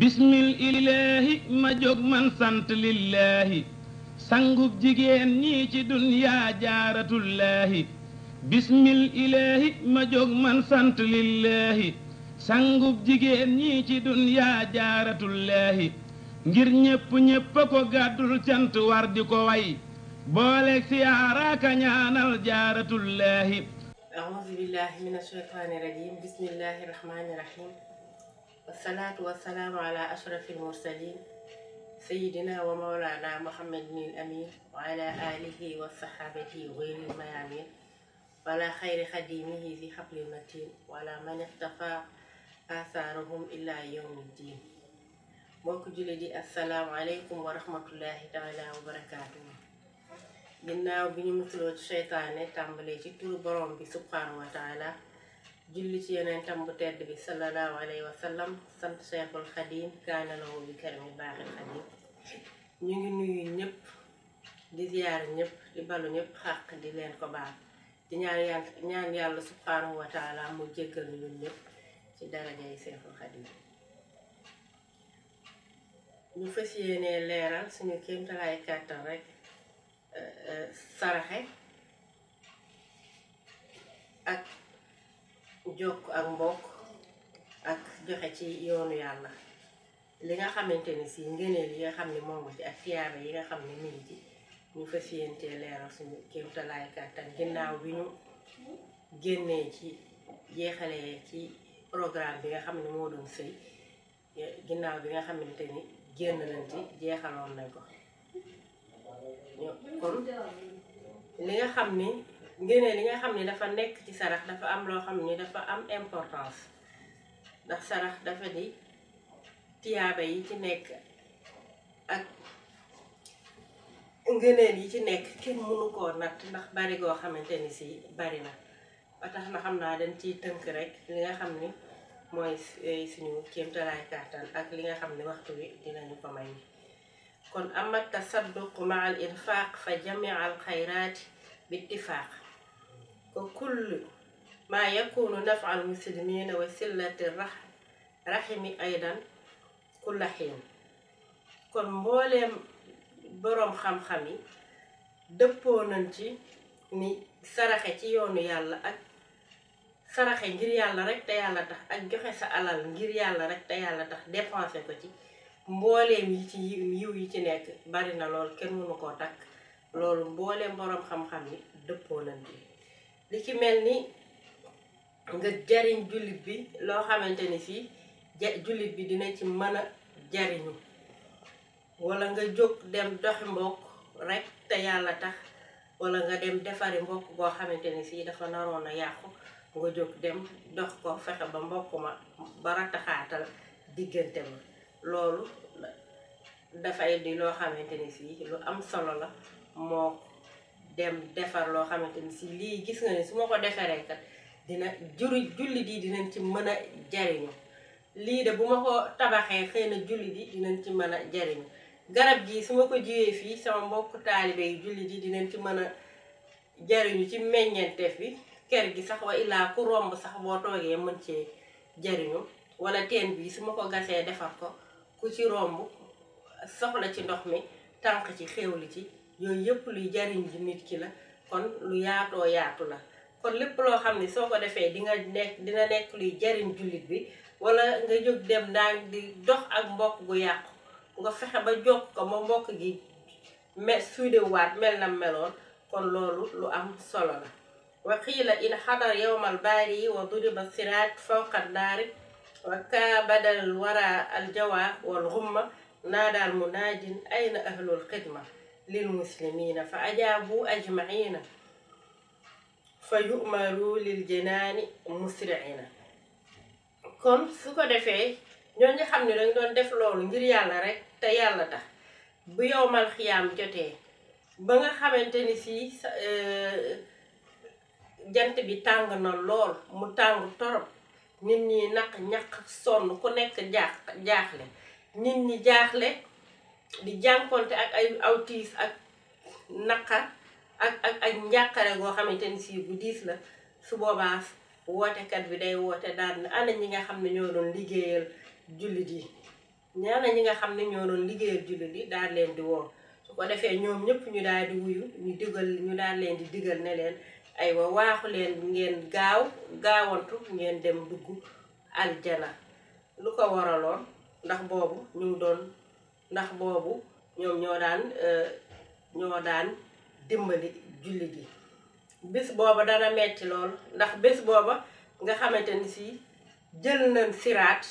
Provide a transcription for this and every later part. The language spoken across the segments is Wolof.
bismil ilaahi ma jóg man sant lillaahi sangub jigéen ñii ci dunyaa jaaratullaahi bismil ilaahi ma jóg man sant lillaahi sangub jigéen ñii ci dunyaa jaaratullaahi ngir ñépp ñépp ko gàddul cant war di ko way booleeg siyaaraaka ñaanal jaaratullaahi الصلاة والسلام على أشرف المرسلين سيدنا ومولانا محمد بن الأمين وعلى آله والصحابة غير الميامين ولا خير خديمه ذي حبل المتين ولا من اختفى آثارهم إلا يوم الدين موك جلدي السلام عليكم wa الله تعالى wa جناو بني bi ñu musuloo ci seytaane بسبحانه وتعالى wa julli ci yenen tam bu tedd bi sallallahu alayhi wa sallam sant cheikhul khadim kana lahu bi karami baaxil khadim ñu ngi nuyu ñepp di ziar ñepp di balu ñepp xaq di len ko baal di ñaan yàlla ñaan yàlla subhanahu wa taala mu jéggal ñun ñepp ci darajay cheikhul khadim ñu fassiyene leral suñu suñu kéemtalaay kàttan rek euh, euh saraxe ak jokk ak mbokk ak joxe ci yoonu yàlla li nga xamante ni si ngëneel yi nga xam ne moom ci ak tiyaabe yi nga xam ne mi ngi ci ñu fas yéentee leeral suñu kéemtalaay kàttan ginnaaw bi ñu génnee ci jeexalee ci programme bi nga xam ne moo doon sëy ginnaaw bi nga xamante ni génn nañ ci jeexaloon nañ ko kon li nga xam ni ngéneel yi nga xam ni dafa nekk ci sarax dafa am loo xam ni dafa am importance ndax sarax dafa di tiyaaba yi ci nekk ak ngëneel yi ci nekk kenn mënu koo natt ndax bari goo xamante ni si bari na ba tax na xam naa dañ ciy tënk rek li nga xam ni mooy eh, suñu kéemtalaay kàttan ak li nga xam ni waxtu wi dinañu ko may kon ama tasadduq ma al infaq fa jamia al xayraati bi وكل ما يكون نفع المسلمين وسلة الرحم أيضا كل حين kon mbooleem boroom xam-xam yi dëppoo nañ ci ni saraxe ci yoonu yàlla ak saraxe ngir yàlla rek te yàlla tax ak joxe sa alal ngir yàlla rek te yàlla tax dépensé ko ci mbooleem yi ci yiw yi ci nekk bari na lool kenn mënu koo takk loolu mbooleem boroom xam-xam yi dëppoo nañ ci li ci mel ni nga jariñ jullit bi loo xamante ni fii jullit bi dina ci mën a jariñu wala nga jóg dem dox mbokk rek te yàlla tax wala nga dem defari mbokk boo xamante ni sii dafa naroon a yàqu nga jóg dem dox ko fexe ba mbokk ma ba rataxaatal diggante ma loolu dafay di loo xamante ni fii lu am solo la moo dem defar loo xamante ni si lii gis na ne su ma ko defaree kat dina juru jullit yi dinañ ci mën a jariñu lii de bu tabaxee xëy na jullit yi dinañ ci mën a jariñu garab gii su ma ko jiwee fii sama mbokk taalibe julli jullit yi ci mën a jariñu ci meññeenteef bi kër gi sax wa illaa ku romb sax boo toogee mën cee jariñu walla teen bii su ma ko gasee defar ko ku ci romb soxla ci ndox mi tànk ci xéewli ci yooyu yëpp luy jariñ ji nit ki la kon lu yaatoo yaatu la kon lépp loo xam ne soo ko defee di nga nekk dina nekk luy jariñ jullit bi wala nga jóg dem daan di dox ak mbokk gu yàqu nga fexe ba jokk ko ma mbokk gi me suudewaat mel na meloon kon loolu lu am solo la wa qiila in xadar yowmal baari wa duriba siraat fawqa naari wa kaabadal wara al jawa wal xumma naadaal munaajin ayna ahlul xidma fa للمسلمين فأجابوا أجمعين فيؤمروا للجنان مسرعين kon su ko defee ñoo ñu xam ne dañ doon def loolu ngir yàlla rek te yàlla tax bu yowmal xiyaam jotee ba nga xamante ni si euh, jant bi tàng na lool mu tàng torop nit ñi naq ñaq sonn ku nekk jaax jaaxle nit ñi jaaxle di jànkonte ak ay aw tiis ak naqar ak ak njàqare goo xamante ni sii bu diis la su boobaa wootekat bi day woote daan ana ñi nga xam ne ñoo doon liggéeyal jullit yi ñaana ñi nga xam ne ñoo doon liggéeyal jullit yi daal leen di woo su ko defee ñoom ñëpp ñu daal di wuyu ñu digal ñu daal leen di digal ne leen aywa waaxu leen ngeen gaaw gaawantu ngeen dem dugg aljana lu ko waraloon ndax boobu ñu doon ndax boobu ñoom ñoo daan euh, ñoo daan dimbali julli gi bés booba dana metti lool ndax bés booba nga xamante ni si jël nañ siraat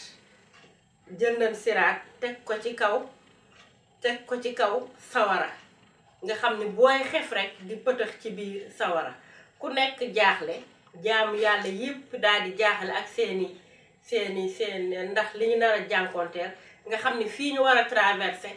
jël nañ siraat teg ko ci kaw teg ko ci kaw sawara nga xam ni booy xef rek di pëtëx ci biir sawara ku nekk jaaxle jaamu yàlla yépp daal di jaaxale ak seeni seeni seen ndax li ñu nar a jànkonteel nga xam ne fii ñu war a traversé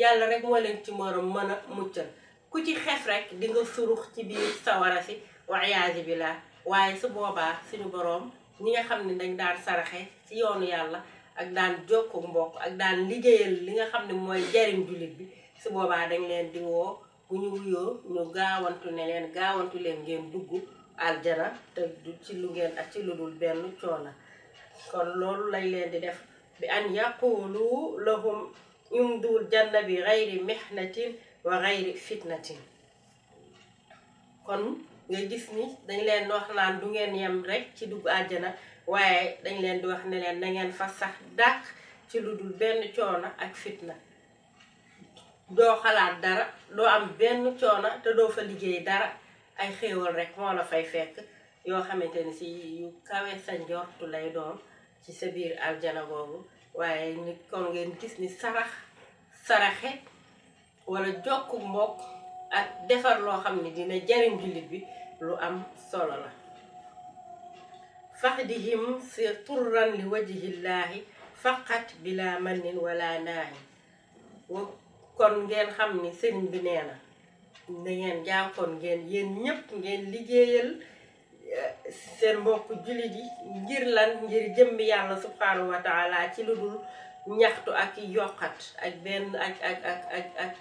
yàlla rek moo leen ci morom mën a muccal ku ci xef rek di nga surux ci biir sawara si wayaasi bi laa waaye su boobaa suñu boroom ñi nga xam ni dañ daan saraxe ci yoonu yàlla ak daan jokku mbokk ak daan liggéeyal li nga xam ne mooy jariñ jullit bi su boobaa dañ leen di woo ku ñu wuyoo ñu gaawantu ne leen gaawantu leen ngeen dugg aljana te du ci lu ngeen ak ci lu dul benn la kon loolu lañ leen di def بأن يقولوا لهم يمدوا الجنة بغير محنة وغير فتنة kon nga gis ni dañ leen wax naan du ngeen yem rek ci dugg àjjana waaye dañ leen di wax ne leen na ngeen fa sax dàq ci lu dul benn coono ak fitna doo xalaat dara doo am benn coono te doo fa liggéey dara ay xéewal rek moo la fay fekk yoo xamante ni si yu kawe sa njortu lay doon ci sa biir aljana boobu waaye ni kon ngeen gis ni sarax saraxe wala jokk mbokk ak defar loo xam ne dina jariñ jullit bi lu am solo la faxdihim si turran li wajhillaahi faqat bila mannin wala naahi kon ngeen xam ni sëriñ bi nee na na ngeen jàppoon ngeen yéen ñépp ngeen liggéeyal seen mbokk jullit yi ngir lan ngir jëmmi yàlla subhanahu wa taala ci lu dul ñaxtu ak yokkat ak benn ak ak ak ak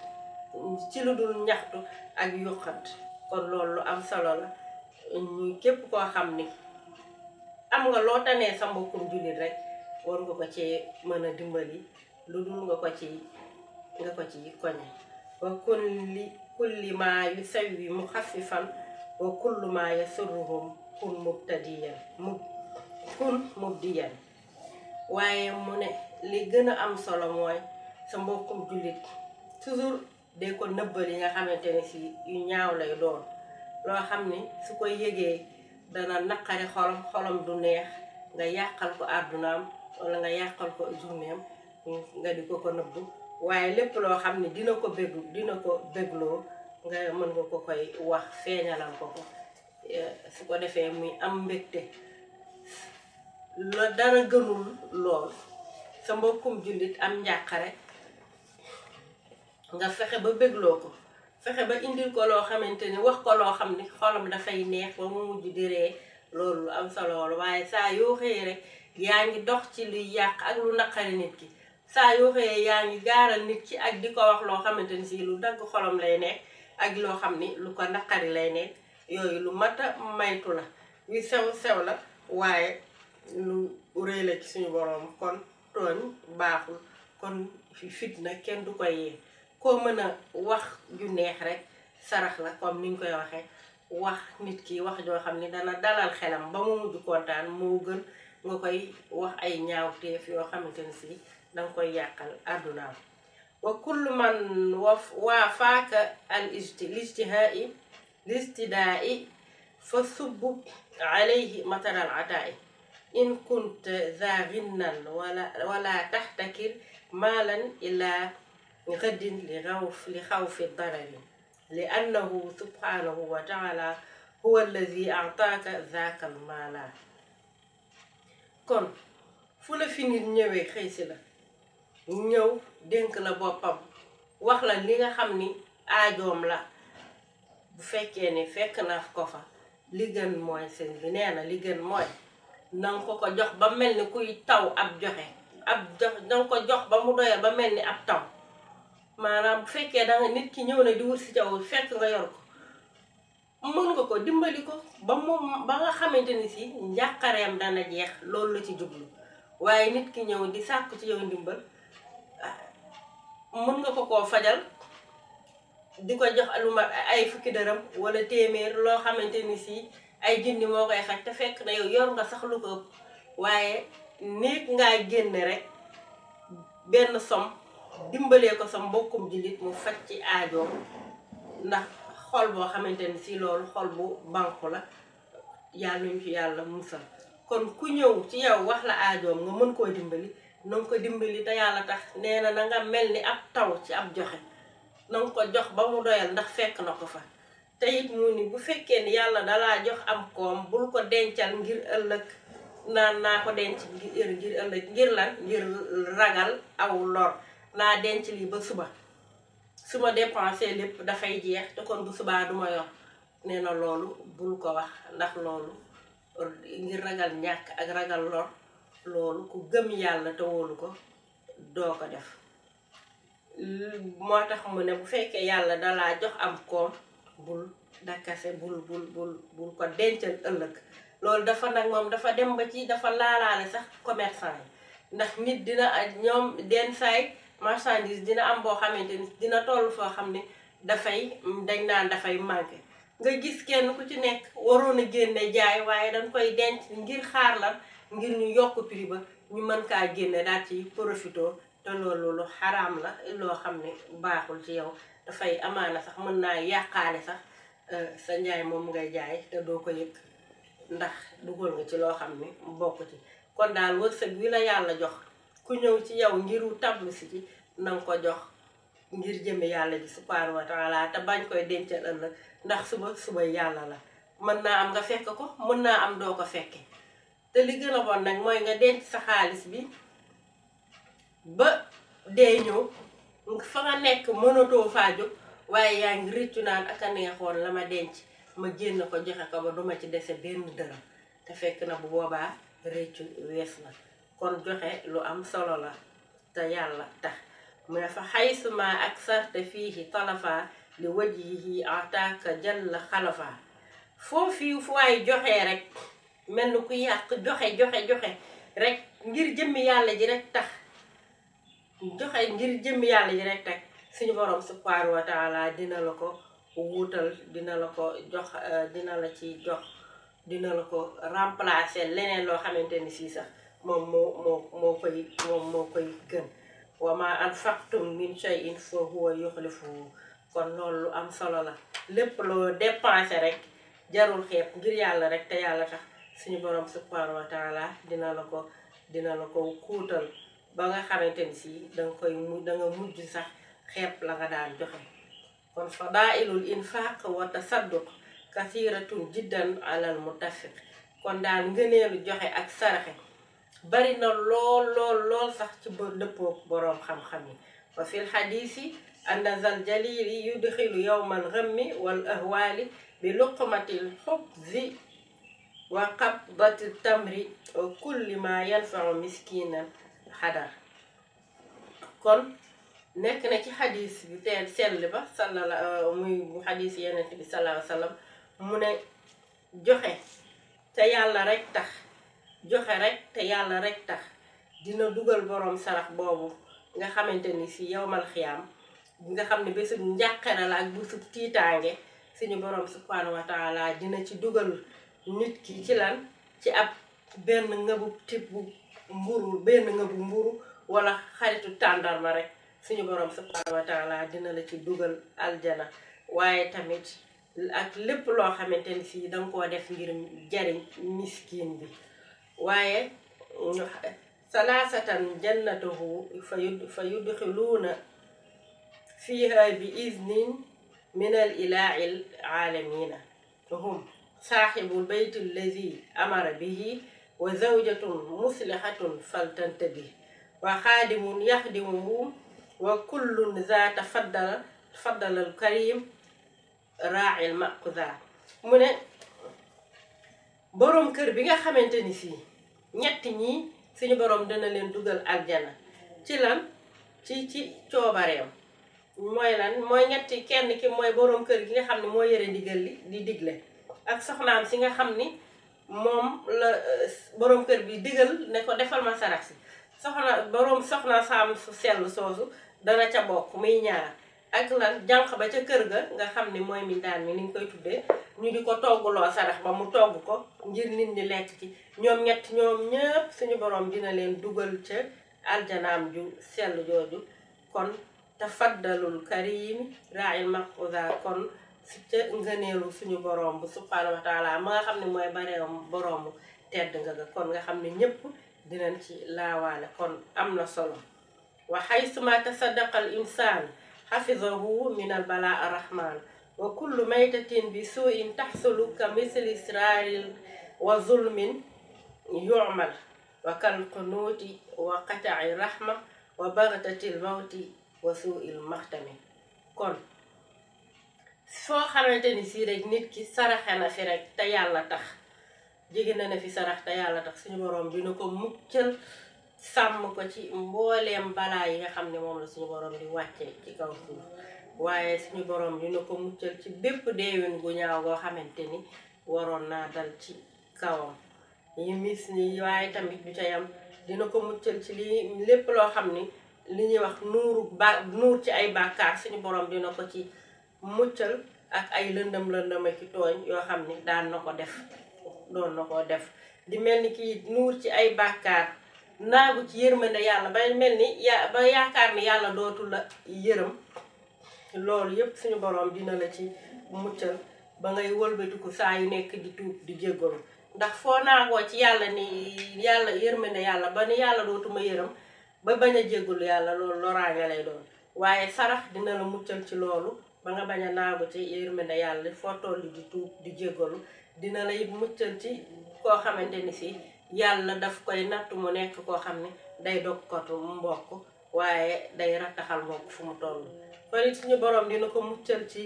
ci lu dul ñaxtu ak yokkat kon loolu am solo la képp koo xam ni am nga loo tanee sa mbokkum jullit rek war nga ko ci mën a dimbali lu dul nga ko ci nga ko ci koñe wa kulli kulli maa yu sawi mu xafifan wa kullu maa yasuruhum kun mubtadiyan mu kun mubdiyan waaye mu ne li gën a am solo mooy sa mbokkum jullit toujours de ko nëbbal yi nga xamante ne si yu ñaaw lay doon loo xam ne su koy yëgee dana naqari xolam xolam du neex nga yàqal ko àddunaam wala nga yàqal ko journéem nga di ko ko nëbb waaye lépp loo xam ne dina ko béglu dina ko bégloo nga mën nga ko koy wax feeñalal ko ko Eh, su ko defee muy am mbégte la dara gënul lool sa mbokkum jullit am njàqare nga fexe ba bégloo ko fexe ba indil ko loo xamante ni wax ko loo xam ni xolam dafay neex ba mu mujj di ree loolu lu am solo la waaye saa yoo xëyee rek yaa ngi dox ci luy yàq ak lu naqari nit ki saa yoo xëyee yaa ngi gaaral nit ki ak di ko wax loo xamante ni si lu dagg xolam lay nekk ak loo xam ni lu ko naqari lay nekk yooyu lu mat a maytu la yu sew sew la waaye lu rëy la ci suñu boroom kon tooñ baaxul kon fitna kenn du ko yee koo mën a wax ju neex rek sarax la comme niñ koy waxee wax nit ki wax joo xam ni dana dalal xelam ba mu mujj kontaan moo gën nga koy wax ay ñaawteef yoo xamante ne si danga koy yàqal àddunaam wa kullu man wa waafaaka al ijti lijtihaa الاستداء فثب عليه مثل العداء إن كنت ذا غنا ولا, ولا تحتكر مالا إلى غد لخوف, لخوف الضرر لأنه سبحانه وتعالى هو الذي أعطاك ذاك المال كن فلا فيني نيوي خيسلا نيو دينك si la ñëw dénk la boppam bu fekkee ni fekk naa ko fa li gën mooy sëñ nee na li gën mooy nanga ko ko jox ba mel ni kuy taw ab joxe ab jox danga ko jox ba mu doyal ba mel ni ab taw maanaam bu fekkee danga nit ki ñëw na di wut si jaww fekk nga yor ko mën nga ko dimbali ko ba moom ba nga xamante ni si njàqareem dana jeex loolu la ci jublu waaye nit ki ñëw di sàkku ci yoo ndimbal ah, mën nga ko koo fajal di ko jox lu mat ay fukki dërëm wala téeméer loo xamante ni si ay junni moo koy xaj te fekk na yow yor nga sax lu ko waaye néeg ngaa génn rek benn som dimbalee ko sa mbokkum jullit mu faj ci aajoom ndax xol boo xamante ni si loolu xol bu banku la yàlla ñu ci yàlla musal kon ku ñëw ci yow wax la aajoom nga mën koo dimbali na nga ko dimbali te yàlla tax nee na na mel ni ab taw ci ab joxe na ko jox ba mu doyal ndax fekk na ko fa te it mu ni bu fekkee ni yàlla dalaa jox am koom bul ko dencal ngir ëllëg naan naa ko denc ngir ngir ëllëg ngir lan ngir ragal aw lor naa denc lii ba suba su ma dépensé lépp dafay jeex te kon bu subaa duma yor nee na loolu bul ko wax ndax loolu ngir ragal ñàkk ak ragal lor loolu ku gëm yàlla te wóolu ko doo ko def moo tax mu ne bu fekkee yàlla laa jox am koom bul dakase bul bul bul bul ko dencal ëllëg loolu dafa nag moom dafa dem ba ci dafa laalaale sax commerçant yi ndax nit dina ak ñoom den saay marchandise dina am boo xamante ni dina toll foo xam ne dafay dañ naan dafay manqué nga gis kenn ku ci nekk waroon a génne jaay waaye dañ koy denc ngir xaar la ngir ñu yokk prix ba ñu mën kaa génne daal ci profito te loolu lu xaraam la loo xam ne baaxul ci yow dafay amaana sax mën naa yàqaale sax euh, sa njaay moom ngay jaay te doo ko yëg ndax dugal nga ci loo xam ne bokk ci kon daal wërsëg wi la yàlla jox ku ñëw ci yow ngiru tablu si ci nanga ko jox ngir jëme yàlla ji subhaanahu wa taala te bañ koy dencal ëllëg ndax suba suba yàlla la mën naa am nga fekk ko mën naa am doo ko fekke te li gën a bon nag mooy nga denc sa xaalis bi ba dee ñëw fa nga nekk mënatoo faa jóg waaye yaa ngi rëccu naan ak a neexoon la ma denc ma génn ko joxe ko ba duma ci dese benn dërëm te fekk na bu boobaa rëccu wees na kon joxe lu am solo la te yàlla tax mu ne fa xaysuma ak sarte fiihi talafa li waj yi ataaka jalla xalafa foofu yi fu waay joxe rek mel ni ku yàq joxe joxe joxe rek ngir jëmm yàlla ji rek tax joxe ngir jëmm yàlla yi rek suñu borom subhanahu wa dina la ko wutal dina la ko jox euh, dina la ci jox dina la ko remplacer leneen loo xamante ni sii sax moom moo moo moo koy moom moo koy gën wa ma anfaqtum min shay'in fa huwa yukhlifuhu kon loolu lu am solo la lépp loo dépensé rek jarul xeeb ngir yàlla rek te yàlla tax suñu borom subhanahu wa taala dina la ko dina la ko kuutal ba nga xamante ni si danga koy da nga mujj sax xeeb la nga daan joxe kon fadailul infaq wa tasadduq kathiratun jiddan alal mutafiq kon daal ngëneelu joxe ak saraxe bari na lool lool lool sax ci ba dëppook boroom xam-xam yi wa fil xadiisi anna zal jalili yudxilu yowmal ghammi wal ahwaali bi luqmatil xubzi wa qabdati tamri wa kulli ma yanfau miskinan xadar kon nekk na ci xadis bi seen sell ba sallala euh, muy bu xadis yenent bi sallallahu sallam mu ne joxe te yàlla rekk tax joxe rekk te yàlla rekk tax dina dugal boroom sarax boobu nga xamante ni si yowmal xiyaam nga xam ne bésub njàqare la ak bésub tiitaange suñu boroom subhanahu wa taala dina ci dugal nit ki ci lan ci ab benn ngëbu tib bu mburu ben nga bu mburu wala xaritu tàndarma rek suñu borom subhanahu wa taala dina la ci duggal aljana waye tamit ak lépp lo xamanteni ci dang ko def ngir jariñ miskin bi waaye salasatan jannatuhu fayudkhiluna fiha bi iznin min al ilaahi al aalamina hum saaxibul baytu allazi amara bihi wa zawjatun muslihatun faltante bi wa xaadimun yaxdimuhu wa kullun zaata faddala faddalal karim raail maquza mu ne boroom kër bi nga xamante ni fii ñett ñi suñu boroom dana leen dugal aljana ci lan ci ci coobareem mooy lan mooy ñetti kenn ki mooy boroom kër gi nga xam ne moo yore ndigal li di digle ak soxnaam si nga xam ni moom la euh, borom kër bi digal ne ko defal ma sarax si soxna borom soxna saam su sell soosu dana ca bokk muy ñaar ak lan jànq ba ca kër ga nga xam ni mooy mindaan mi ni ñu koy tuddee ñu di ko toggloo sarax ba mu togg ko ngir nit ñi lekk ci ñoom ñett ñoom ñëpp suñu boroom dina leen dugal ca aljanaam ju sell jooju kon tafaddalul karim raayil maquda kon si ca ngëneelu suñu borom bu subhaanahu wa taala ma nga xam ne mooy bareem boroomu tedd nga ga kon nga xam ne ñépp dinañ ci laawaale kon am na solo wa xaysuma tasaddaqa al insaan xafidahu min al balaa arrahman wa kullu maytatin bi suuin taxsulu ka misli israil wa zulmin yumal wa kal qunuuti wa qataci rahma wa bagtati l mawti wa suuil maxtami kon foo xamante ni sii rek nit ki saraxe na fi rek te yàlla tax jege na na fi sarax te yàlla tax suñu boroom dina ko muccal sàmm ko ci mbooleem balaa yi nga xam ne moom la suñu boroom di wàcce ci kaw suuf waaye suñu boroom dina ko muccal ci bépp deewin gu goo xamante ni waroon naa dal ci kawam yi mis dina ko muccal ci li lépp loo xam ni li ñuy wax nuuru ba nuur ci ay bàkkaar suñu boroom dina ko ci muccal ak ay lëndëm la lëndëm ki tooñ yoo xam ni daan na ko def doon na koo def di mel ni kii nuur ci ay bàkkaar naagu ci yërmande yàlla ba ni ya ni yàlla dootu la yërëm loolu yépp suñu boroom dina la ci muccal ba ngay wëlbatiku saa yu nekk di di jéggalu ndax foo naagoo ci yàlla ni yàlla yërmande yàlla ba yàlla dootuma yërëm ba bañ a jéggalu yàlla loolu loraange lay doon waaye sarax dina la muccal ci loolu ba nga bañ a naagu ci yërmande yàlla foo toll di tuub di jégalu dina lay muccal ci koo xamante ni si yàlla daf koy natt mu nekk koo xam ne day dog kotu mbokk waaye day rattaxal mbokk fu mu toll kon it suñu borom dina ko muccal ci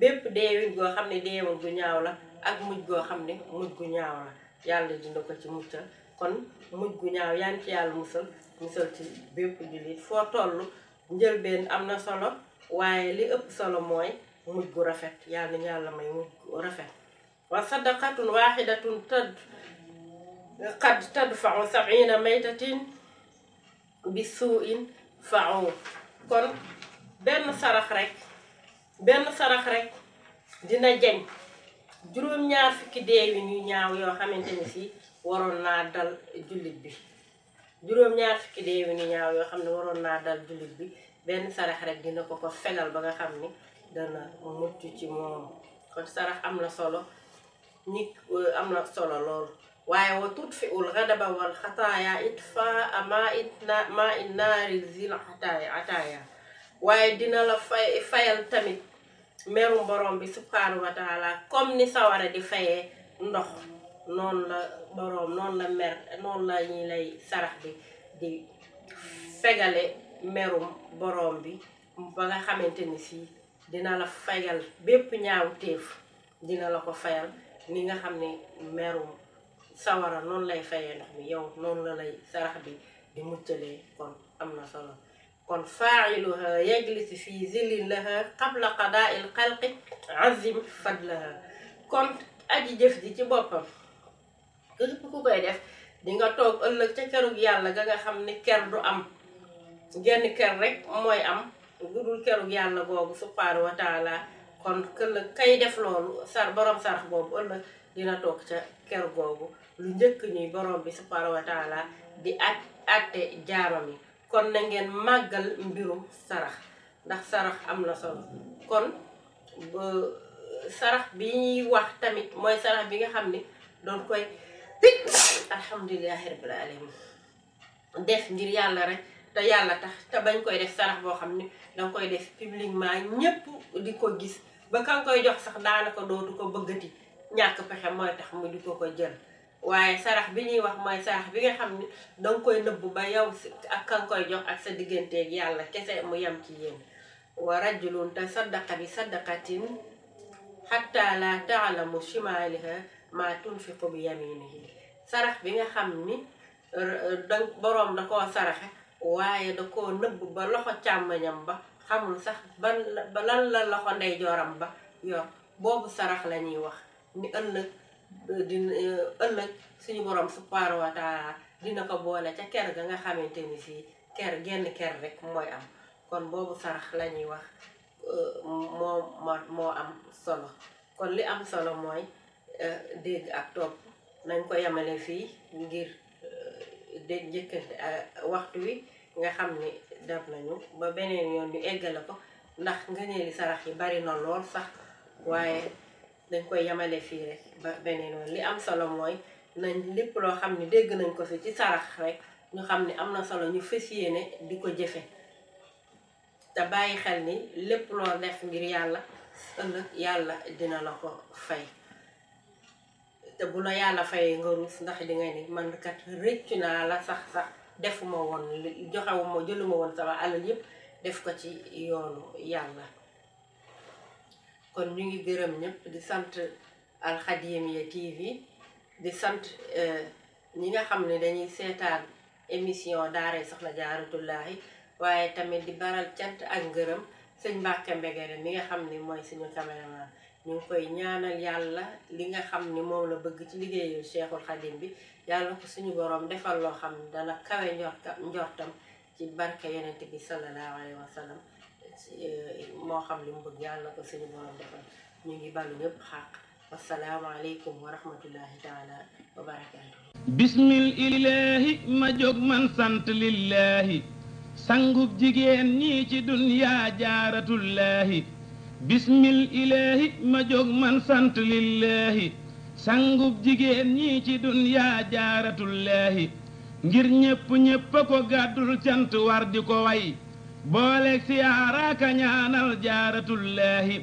bépp deewin goo xam ne deewin gu ñaaw la ak mujj goo xam ne mujj gu ñaaw la yàlla dina ko ci muccal kon mujj gu ñaaw yaan ci yàlla musal musal ci bépp jullit foo toll njëlbeen am na solo waaye li ëpp solo mooy mujj gu rafet yàlla nañu yàlla may mujj gu rafet wa sadaqatun waxidatun tad fa tadfau sabina maytatin bi suuin fau kon benn sarax rek benn sarax rek dina jeñ juróom-ñaar fukki dee yu ñaaw yoo xamante ni si waroon naa dal jullit bi juróom ñaar fukki deewinu ñaaw yoo xam ne waroon naa dal jullit bi benn sarax rek dina ko ko fegal ba nga xam ni dana mucc ci moom kon sarax am na solo nit am na solo lool waaye wa tut fi ul xadaba xataaya it fa ma it na ma it naari zil ataaya ataaya waaye dina la fay fayal tamit merum borom bi subhanahu wa taala ni sawara di fayee ndox noonu la boroom noonu la mer noonu la ñi lay sarax bi di fegale merum boroom bi ba nga xamante ni si dina la fayal bépp ñaaw téef dina la ko fayal ni nga xam ne merum sawara noonu lay fayee ndox mi yow noonu la lay sarax bi di muccalee kon am na solo kon faa'iluha yajlis fi zillin laha qabla qadaa'il xalqi azim fadlaha kon aji jëf ji ci boppam képp ku koy def di nga toog ëllëg ca kerug yàlla ga nga xam ni ker du am genn ker rek mooy am gudul kerug yàlla boobu subhaanahu wa kon këllëg kay def loolu sar borom sarax boobu ëllëg dina toog ca ker googu lu njëkk ñuy borom bi subhaanahu wa di at jaaro jaamam kon na ngeen màggal mbirum sarax ndax sarax am la solo kon sarax bi ñuy wax tamit mooy sarax bi nga xam ni doon koy alhamdulilahi rabbil alamin def ngir yàlla rek te yàlla tax te bañ koy def sarax boo xam ne danga koy def publiquement ñépp di ko gis ba kan koy jox sax daanaka dootu ko bëggati ñàkk pexe mooy tax mu di ko ko jël waaye sarax bi ñuy wax mooy sarax bi nga xam ni danga koy nëbb ba yow ak kan koy jox ak sa digganteeg yàlla kese mu yem ci yéen wa rajulun te saddaqa bi saddaqatin xatta la taalamu shimaaliha maa tunfiqu bi yaminihi sarax bi nga xam ni da boroom da koo saraxe waaye da koo nëbb ba loxo càmmoñam ba xamul sax ban ba la loxo ndeyjooram ba yor boobu sarax la ñuy wax ni ëllëg euh, dina euh, ëllëg suñu borom subhaanahu wa dina ko boole ca ker ga nga xamante ni si ker genn ker rek mooy am kon boobu sarax lañuy ñuy wax euh, moo moo am solo kon li am solo mooy Euh, dégg ak topp nañ ko yemale fii ngir euh, de jëkkante euh, waxtu wi nga xam ni def nañu ba beneen yoon ñu eggale ko ndax ngëneeli sarax yi bari na lool sax waaye dañ koy yamale fii rek ba beneen li am solo mooy nañ lépp loo xam ni dégg nañ ko si ci sarax rek ñu xam ni am na solo ñu fas yéene di ko jëfe te bàyyi xel ni lépp loo def ngir yàlla ëllëg yàlla dina la ko fay te bu la yàlla fayee nga ruus ndax di nga ni man rëccu naa la sax sax defuma woon joxewuma jëluma woon sama alal yépp def ko ci yoonu yàlla kon ñu ngi gërëm ñépp di sant alxadimiya tv di sant eh, ñi nga xam ne dañuy seetaan émission sax la jaaratullaahi waaye tamit di baral cant ak ngërëm sëñ Mbàkke Mbegere mi nga xam ni mooy suñu caméraman ñu ngi koy ñaanal yàlla li nga xam ni moom la bëgg ci liggéeyu Cheikhul Khadim bi yàlla ko suñu boroom defal loo xam ne dana kawe njortam ci barke yonent bi sallallahu alayhi wa sallam eh, moo xam li mu bëgg ngi balu ñëpp xaq wasalaamaaleykum ma jóg man sant lillahi sangub jigéen ñii ci dunyaa jaaratullahi bismil ilaahi ma jóg man sant lillaahi sangug jigéen ñi ci dunyaa jaaratullaahi ngir ñépp ñépp a ko gàddul cant wardi ko way booleeg siyaaraaka ñaanal jaaratullaahi